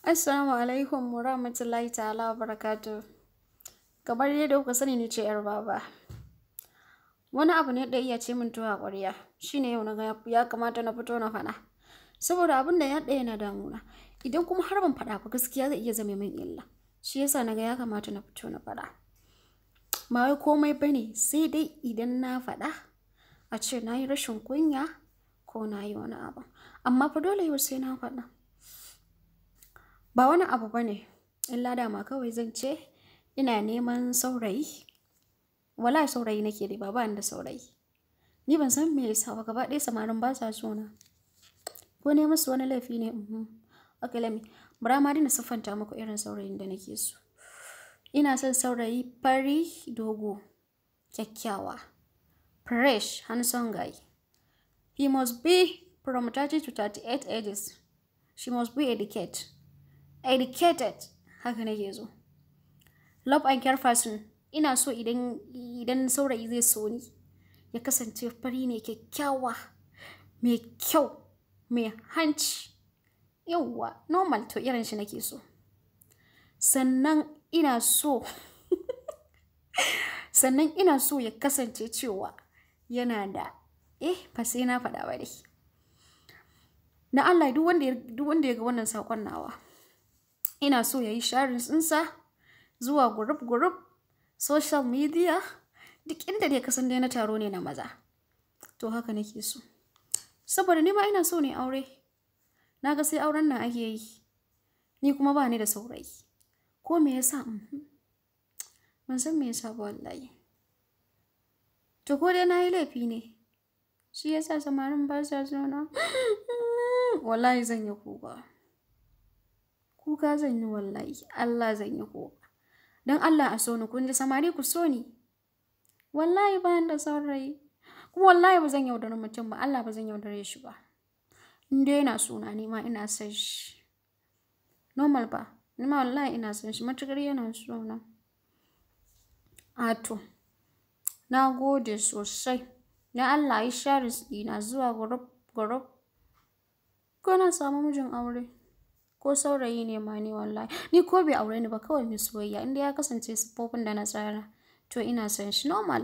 Assalamu alaikum wa rahmatullahi ta'ala wa barakatu. Kamar yadda kuka sani ni ce 'yar baba. Wani abu ne da iya ce min tuwa ƙwarya, shi ne yau na ga ya kamata na fito na faɗa. Saboda abin da ya ɗaya na damuna, idan kuma har ban faɗa ba gaskiya zai iya zama min illa. Shi yasa na ga ya kamata na fito na faɗa. Ma wai komai bane sai dai idan na faɗa a ce na yi rashin kunya ko na yi wani abu. Amma fa dole yau sai na faɗa. Ba wani abu ba ne, lada ma kawai zan ce ina neman saurayi. wala saurayi nake nema, ba ni da saurayi. Ni ban san me yasa ba gaba ɗaya samarin ba sa so na. Ko ne musu wani laifi ne? Mm-hmm. Okay, let me. Bara ma dina siffanta muku irin saurayin da nake so. Ina son saurayi fari dogo, kyakkyawa, fresh, handsome guy. He must be from 30 to 38 ages. She must be educated. educated haka nake so love and care person ina so idan idan saurayi zai so ni ya kasance fari ne kyakkyawa mai kyau mai hanci yawwa normal to irin shi nake so sannan ina so sannan ina so ya kasance cewa yana da eh ba sai na faɗa ba dai na Allah duk wanda ya ga wannan saƙon nawa ina so ya yi sharing ɗinsa zuwa gurup-gurup social media duk inda dai kasan dai na taro ne na maza to haka nake so saboda ni ma ina so ne aure na ga sai auren nan ake yi ni kuma ba ni da saurayi ko me yasa uhm. ban san me yasa ba wallahi to ko dai na yi laifi ne shi yasa samarin ba sa zo na uhm. wallahi zan yi kuka kuka zan yi wallahi Allah zan yi ko don Allah a so ni kun ji samari ku so ni wallahi ba da saurayi kuma wallahi ba zan yaudare mutum ba Allah ba zan yaudare shi ba in dai yana suna ni ma ina san shi normal ba ni ma wallahi ina san shi matukar yana na. ato na gode sosai na Allah yi sharis dina zuwa gurup gurup ko na samu mijin aure ko saurayi ne ma ni wallahi ni ko bai aure ni ba kawai mai soyayya inda ya kasance siffofin da na tsara to ina son shi normal